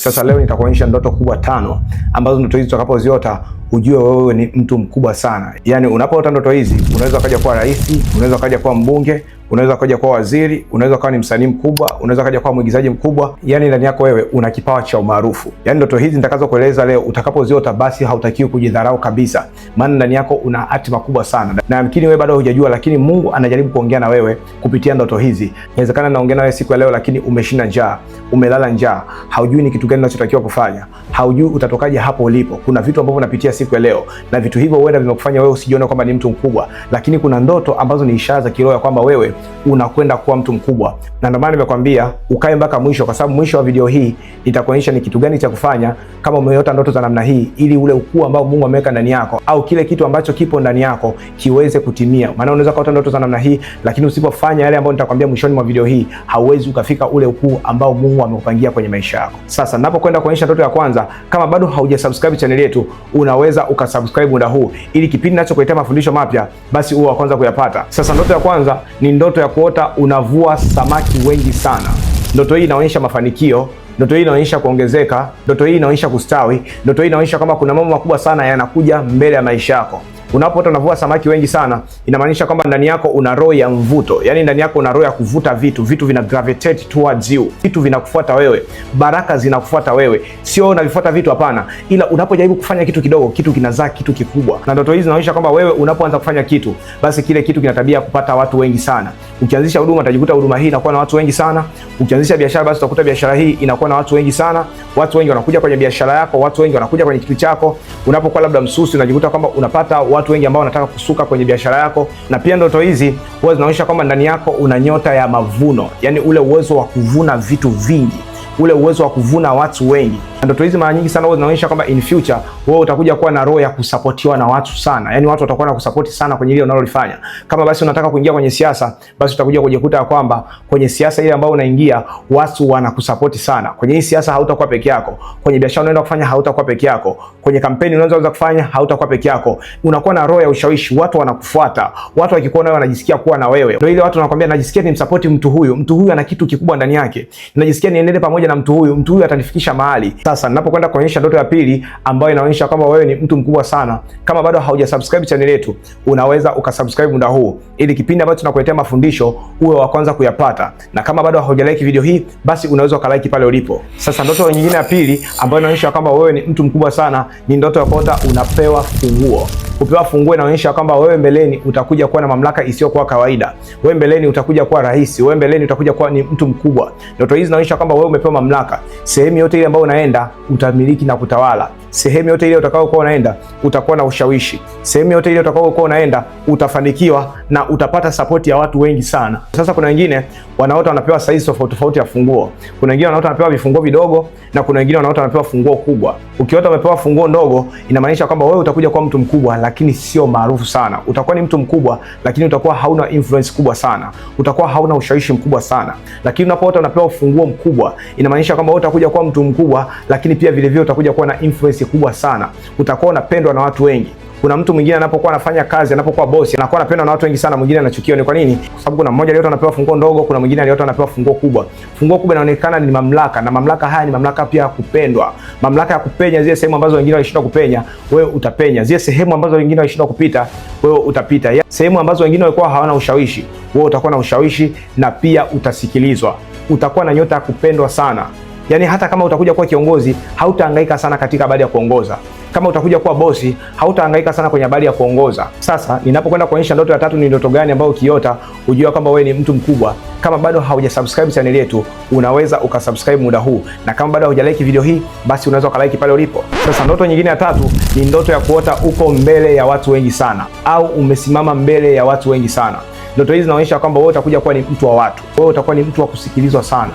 Sasa leo nitakuonyesha ndoto kubwa tano ambazo ndoto hizi tutakapoziota ujue wewe ni mtu mkubwa sana. Yaani unapoota ndoto hizi, unaweza ukaja kuwa rais, unaweza ukaja kuwa mbunge, unaweza ukaja kuwa waziri, unaweza ukawa ni msanii mkubwa, unaweza ukaja kuwa mwigizaji mkubwa. Yaani ndani yako wewe una kipawa cha umaarufu. Yaani ndoto hizi nitakazokueleza leo, utakapoziota basi hautakiwi kujidharau kabisa, maana ndani yako una hatima kubwa sana, na yamkini wewe bado hujajua, lakini Mungu anajaribu kuongea na wewe kupitia ndoto hizi. Inawezekana naongea na wewe siku ya leo, lakini umeshinda njaa, umelala njaa, haujui ni kitu gani unachotakiwa kufanya, haujui utatokaje hapo ulipo. Kuna vitu ambavyo unapitia siku ya leo, na vitu hivyo huenda vimekufanya wewe usijione kwamba ni mtu mkubwa, lakini kuna ndoto ambazo ni ishara za kiroho ya kwamba wewe unakwenda kuwa mtu mkubwa, na ndio maana nimekwambia ukae mpaka mwisho, kwa sababu mwisho wa video hii nitakuonyesha ni kitu gani cha kufanya kama umeota ndoto za namna hii, ili ule ukuu ambao Mungu ameweka ndani yako au kile kitu ambacho kipo ndani yako kiweze kutimia. Maana unaweza kuota ndoto za namna hii, lakini usipofanya yale ambayo nitakwambia mwishoni mwa video hii, hauwezi ukafika ule ukuu ambao Mungu amekupangia kwenye maisha yako. Sasa ninapokwenda kuonyesha ndoto ya kwanza, kama bado hauja subscribe channel yetu, unaweza unaweza ukasubscribe muda huu, ili kipindi ninachokuletea mafundisho mapya, basi uwe wa kwanza kuyapata. Sasa ndoto ya kwanza ni ndoto ya kuota unavua samaki wengi sana. Ndoto hii inaonyesha mafanikio ndoto hii inaonyesha kuongezeka, ndoto hii inaonyesha kustawi, ndoto hii inaonyesha kwamba kuna mambo makubwa sana yanakuja mbele ya maisha yako. Unapoota unavua samaki wengi sana, inamaanisha kwamba ndani yako una roho ya mvuto, yani ndani yako una roho ya kuvuta vitu, vitu vina gravitate towards you, vitu vinakufuata wewe, baraka zinakufuata wewe, sio unavifuata vitu, hapana, ila unapojaribu kufanya kitu kidogo, kitu kinazaa kitu kikubwa. Na ndoto hizi zinaonyesha kwamba wewe unapoanza kufanya kitu, basi kile kitu kina tabia kupata watu wengi sana. Ukianzisha huduma, utajikuta huduma hii inakuwa na watu wengi sana. Ukianzisha biashara, basi utakuta biashara hii inakuwa na watu wengi sana. Watu wengi wanakuja kwenye biashara yako, watu wengi wanakuja kwenye kitu chako. Unapokuwa labda msusi, unajikuta kwamba unapata watu watu wengi ambao wanataka kusuka kwenye biashara yako, na pia ndoto hizi huwa zinaonyesha kwamba ndani yako una nyota ya mavuno, yani ule uwezo wa kuvuna vitu vingi, ule uwezo wa kuvuna watu wengi na Ndoto hizi mara nyingi sana huwa zinaonyesha kwamba in future wewe utakuja kuwa na roho ya kusapotiwa na watu sana, Yaani watu watakuwa na kusapoti sana kwenye ile unalolifanya. Kama basi unataka kuingia kwenye siasa, basi utakuja kujikuta kwamba kwenye siasa ile ambayo unaingia watu wanakusapoti sana. Kwenye hii siasa hautakuwa peke yako, kwenye biashara unaenda kufanya hautakuwa peke yako, kwenye kampeni unaweza kufanya hautakuwa peke yako. Unakuwa na roho ya ushawishi, watu wanakufuata, watu wakikuona wewe wanajisikia kuwa na wewe. Ndio ile watu wanakuambia, najisikia ni msapoti mtu huyu, mtu huyu ana kitu kikubwa ndani yake, najisikia niendele pamoja na mtu huyu, mtu huyu atanifikisha mahali sasa ninapokwenda kuonyesha ndoto ya pili ambayo inaonyesha kwamba wewe ni mtu mkubwa sana, kama bado haujasubscribe channel yetu, unaweza ukasubscribe muda huu, ili kipindi ambacho tunakuletea mafundisho uwe wa kwanza kuyapata, na kama bado haujalike video hii, basi unaweza ukalike pale ulipo. Sasa ndoto nyingine ya pili ambayo inaonyesha kwamba wewe ni mtu mkubwa sana ni ndoto ya kuota unapewa funguo kupewa funguo inaonyesha kwamba wewe mbeleni utakuja kuwa na mamlaka isiyokuwa kawaida. Wewe mbeleni utakuja kuwa rais, wewe mbeleni utakuja kuwa ni mtu mkubwa. Ndoto hizi zinaonyesha kwamba wewe umepewa mamlaka. Sehemu yote ile ambayo unaenda utamiliki na kutawala. Sehemu yote ile utakayokuwa unaenda utakuwa na ushawishi. Sehemu yote ile utakayokuwa unaenda utafanikiwa na utapata sapoti ya watu wengi sana. Sasa kuna wengine wanaota wanapewa saizi tofauti tofauti ya funguo, kuna wengine wanaota wanapewa vifunguo vidogo, na kuna wengine wanaota wanapewa funguo kubwa. Ukiota umepewa funguo ndogo, inamaanisha kwamba wewe utakuja kuwa mtu mkubwa, lakini sio maarufu sana. Utakuwa ni mtu mkubwa, lakini utakuwa hauna influence kubwa sana, utakuwa hauna ushawishi mkubwa sana. Lakini unapoota unapewa funguo mkubwa, inamaanisha kwamba wewe utakuja kuwa mtu mkubwa, lakini pia vile vile utakuja kuwa na influence kubwa sana, utakuwa unapendwa na watu wengi kuna mtu mwingine anapokuwa anafanya kazi, anapokuwa bosi, anakuwa anapendwa na watu wengi sana, mwingine anachukiwa. Ni kwa nini? Kwa sababu kuna mmoja aliota anapewa funguo ndogo, kuna mwingine aliota anapewa funguo kubwa. Funguo kubwa inaonekana ni mamlaka, na mamlaka haya ni mamlaka pia ya kupendwa, mamlaka ya kupenya zile sehemu ambazo wengine walishindwa kupenya, wewe utapenya. Zile sehemu ambazo wengine walishindwa kupita, wewe utapita. Sehemu ambazo wengine walikuwa hawana ushawishi, wewe utakuwa na ushawishi, na pia utasikilizwa. Utakuwa na nyota ya kupendwa sana. Yani hata kama utakuja kuwa kiongozi, hautahangaika sana katika habari ya kuongoza. Kama utakuja kuwa bosi, hautahangaika sana kwenye habari ya kuongoza. Sasa ninapokwenda kuonyesha ndoto ya tatu ni ndoto gani ambayo ukiota hujua kwamba wewe ni mtu mkubwa. Kama bado haujasubscribe channel yetu, unaweza ukasubscribe muda huu, na kama bado haujalike video hii, basi unaweza ukalike pale ulipo. Sasa ndoto nyingine ya tatu ni ndoto ya kuota uko mbele ya watu wengi sana, au umesimama mbele ya watu wengi sana. Ndoto hizi zinaonyesha kwamba wewe utakuja kuwa ni mtu wa watu, wewe utakuwa ni mtu wa kusikilizwa sana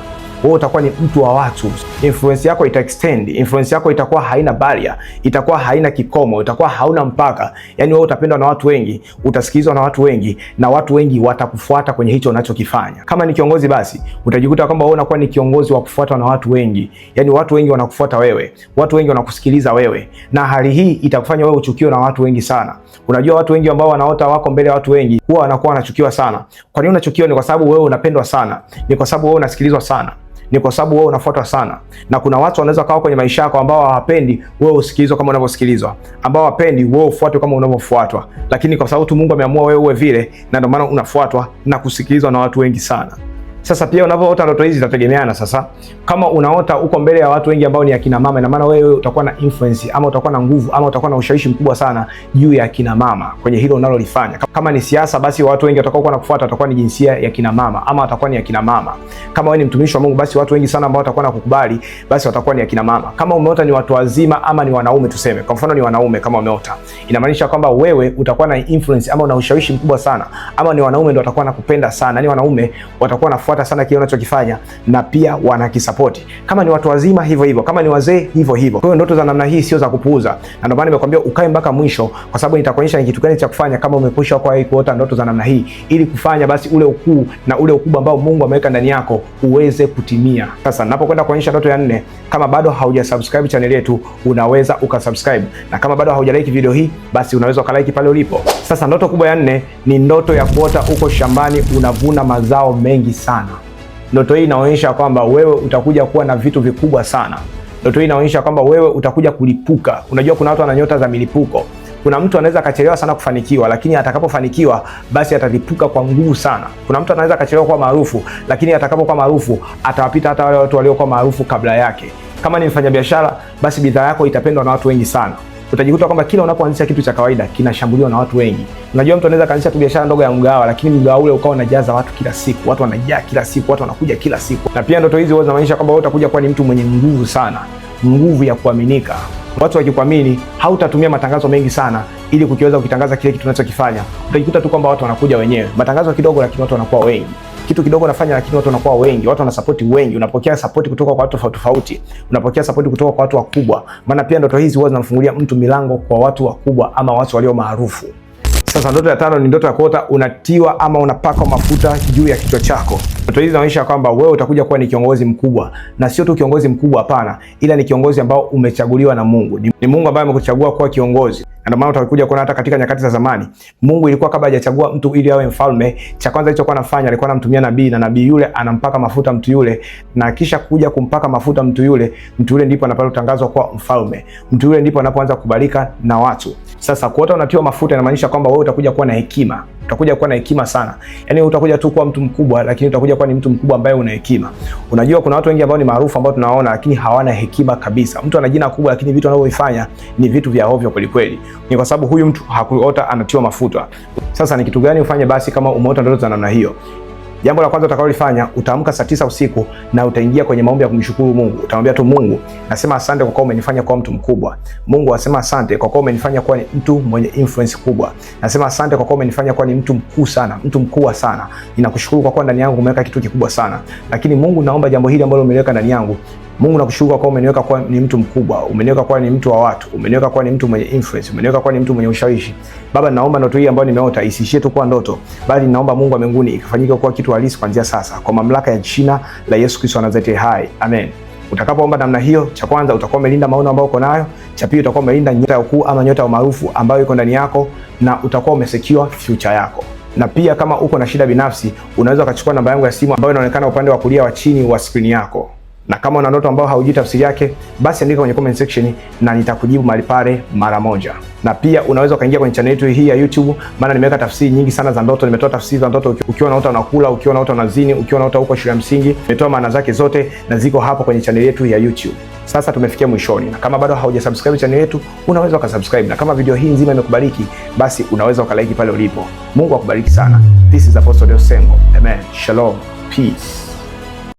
wewe utakuwa ni mtu wa watu, influence yako ita extend, influence yako itakuwa haina barrier, itakuwa haina kikomo, itakuwa hauna mpaka. Yani wewe utapendwa na watu wengi, utasikizwa na watu wengi, na watu wengi watakufuata kwenye hicho unachokifanya. Kama ni kiongozi, basi utajikuta kwamba wewe unakuwa ni kiongozi wa kufuatwa na watu wengi, yani watu wengi wanakufuata wewe, watu wengi wanakusikiliza wewe, na hali hii itakufanya wewe uchukiwe na watu wengi sana. Unajua watu wengi ambao wanaota wako mbele ya watu wengi huwa wanakuwa wanachukiwa sana. Kwa nini unachukiwa? Ni kwa sababu wewe unapendwa sana, ni kwa sababu wewe unasikilizwa sana ni kwa sababu wewe unafuatwa sana, na kuna watu wanaweza kawa kwenye maisha yako ambao hawapendi wewe usikilizwe kama unavyosikilizwa, ambao hawapendi wewe ufuatwe kama unavyofuatwa, lakini kwa sababu tu Mungu ameamua wewe uwe vile, na ndio maana unafuatwa na kusikilizwa na watu wengi sana. Sasa pia unapoota ndoto hizi zinategemeana Sasa kama unaota uko mbele ya watu wengi ambao ni akina mama, ina maana wewe utakuwa na influence ama utakuwa na nguvu ama utakuwa na ushawishi mkubwa sana juu ya akina mama kwenye hilo unalolifanya. Kama ni siasa, basi watu wengi watakao kuwa nakufuata watakuwa ni jinsia ya akina mama ama watakuwa ni akina mama. Kama wewe ni mtumishi wa Mungu, basi watu wengi sana ambao watakuwa na kukubali, basi watakuwa ni akina mama. Kama umeota ni watu wazima ama ni wanaume, tuseme kwa mfano ni wanaume, kama umeota inamaanisha kwamba wewe utakuwa na influence ama una ushawishi mkubwa sana, ama ni wanaume ndio watakuwa nakupenda sana, ni yaani wanaume watakuwa na wanafuata sana kile unachokifanya na pia wanakisapoti. Kama ni watu wazima hivyo hivyo, kama ni wazee hivyo hivyo. Kwa hiyo ndoto za namna hii sio za kupuuza, na ndio maana nimekuambia ukae mpaka mwisho, kwa sababu nitakuonyesha ni kitu gani cha kufanya kama umekwisha kwa kuota ndoto za namna hii, ili kufanya basi ule ukuu na ule ukubwa ambao Mungu ameweka ndani yako uweze kutimia. Sasa ninapokwenda kuonyesha ndoto ya nne, kama bado haujasubscribe channel yetu, unaweza ukasubscribe, na kama bado haujalike video hii, basi unaweza ukalike pale ulipo. Sasa ndoto kubwa ya nne ni ndoto ya kuota uko shambani unavuna mazao mengi sana. Ndoto hii inaonyesha kwamba wewe utakuja kuwa na vitu vikubwa sana. Ndoto hii inaonyesha kwamba wewe utakuja kulipuka. Unajua kuna watu wana nyota za milipuko. Kuna mtu anaweza akachelewa sana kufanikiwa, lakini atakapofanikiwa basi atalipuka kwa nguvu sana. Kuna mtu anaweza akachelewa kuwa maarufu, lakini atakapokuwa maarufu atawapita hata wale watu waliokuwa maarufu kabla yake. Kama ni mfanyabiashara, basi bidhaa yako itapendwa na watu wengi sana utajikuta kwamba kila unapoanzisha kitu cha kawaida kinashambuliwa na watu wengi. Unajua, mtu anaweza kaanzisha tu biashara ndogo ya mgawa, lakini mgawa ule ukawa unajaza watu kila siku, watu wanajaa kila siku, watu wanakuja kila siku. Na pia ndoto hizi huwa zinamaanisha kwamba wewe utakuja kuwa ni mtu mwenye nguvu sana, nguvu ya kuaminika. Watu wakikuamini, hautatumia matangazo mengi sana ili kukiweza kukitangaza kile kitu unachokifanya. Utajikuta tu kwamba watu wanakuja wenyewe, matangazo kidogo, lakini watu wanakuwa wengi kitu kidogo nafanya, lakini watu wanakuwa wengi, watu wanasapoti wengi, unapokea support kutoka kwa watu tofauti tofauti, unapokea support kutoka kwa watu wakubwa, maana pia ndoto hizi huwa zinamfungulia mtu milango kwa watu wakubwa ama watu walio maarufu. Sasa ndoto ya tano ni ndoto ya kuota unatiwa ama unapakwa mafuta juu ya kichwa chako. Ndoto hizi zinaonyesha kwamba wewe utakuja kuwa ni kiongozi mkubwa, na sio tu kiongozi mkubwa, hapana, ila ni kiongozi ambao umechaguliwa na Mungu. Ni Mungu ambaye amekuchagua kuwa kiongozi. Ndio maana utakuja kuona hata katika nyakati za zamani Mungu ilikuwa kabla hajachagua mtu ili awe mfalme, cha kwanza alichokuwa anafanya alikuwa anamtumia nabii, na nabii yule anampaka mafuta mtu yule, na kisha kuja kumpaka mafuta mtu yule, mtu yule ndipo anapata kutangazwa kuwa mfalme, mtu yule ndipo anapoanza kukubalika na watu. Sasa kuota unatiwa mafuta inamaanisha kwamba wewe utakuja kuwa na hekima utakuja kuwa na hekima sana. Yaani utakuja tu kuwa mtu mkubwa, lakini utakuja kuwa ni mtu mkubwa ambaye una hekima. Unajua kuna watu wengi ambao ni maarufu ambao tunaona, lakini hawana hekima kabisa. Mtu ana jina kubwa, lakini vitu anavyovifanya ni vitu vya ovyo kweli kweli. Ni kwa sababu huyu mtu hakuota anatiwa mafuta. Sasa ni kitu gani ufanye basi kama umeota ndoto za namna hiyo? Jambo la kwanza utakalolifanya utaamka saa tisa usiku na utaingia kwenye maombi ya kumshukuru Mungu. Utamwambia tu Mungu, nasema asante kwa kuwa umenifanya kuwa mtu mkubwa. Mungu asema asante kwa kuwa umenifanya kuwa ni mtu mwenye influence kubwa. Nasema asante kwa kuwa umenifanya kuwa ni mtu mkuu sana, mtu mkubwa sana. Ninakushukuru kwa kuwa ndani yangu umeweka kitu kikubwa sana. Lakini Mungu, naomba jambo hili ambalo umeliweka ndani yangu Mungu nakushukuru kwa kuwa umeniweka kuwa ni mtu mkubwa, umeniweka kuwa ni mtu wa watu, umeniweka kuwa ni mtu mwenye influence, umeniweka kuwa ni mtu mwenye ushawishi. Baba, naomba ndoto hii ambayo nimeota isishie tu kuwa ndoto, bali naomba Mungu wa mbinguni ikafanyike kuwa kitu halisi kuanzia sasa, kwa mamlaka ya jina la Yesu Kristo wa Nazareti hai, amen. Utakapoomba namna hiyo, cha kwanza utakuwa umelinda maono ambayo uko nayo, cha pili utakuwa umelinda nyota ya ukuu ama nyota ya maarufu ambayo iko ndani yako, na utakuwa umesekiwa future yako na pia kama uko na shida binafsi, unaweza ukachukua namba yangu ya simu ambayo inaonekana upande wa kulia wa chini wa skrini yako na kama una ndoto ambayo haujui tafsiri yake, basi andika kwenye comment section na nitakujibu mahali pale mara moja. Na pia unaweza ukaingia kwenye channel yetu hii ya YouTube, maana nimeweka tafsiri nyingi sana za ndoto. Nimetoa tafsiri za ndoto ukiwa unaota unakula, ukiwa unaota unazini, ukiwa unaota huko shule ya msingi, nimetoa maana zake zote na ziko hapo kwenye channel yetu ya YouTube. Sasa tumefikia mwishoni, na kama bado haujasubscribe channel yetu, unaweza ukasubscribe, na kama video hii nzima imekubariki, basi unaweza ukalike pale ulipo. Mungu akubariki sana. This is Apostle Deo Sengo. Amen. Shalom. Peace.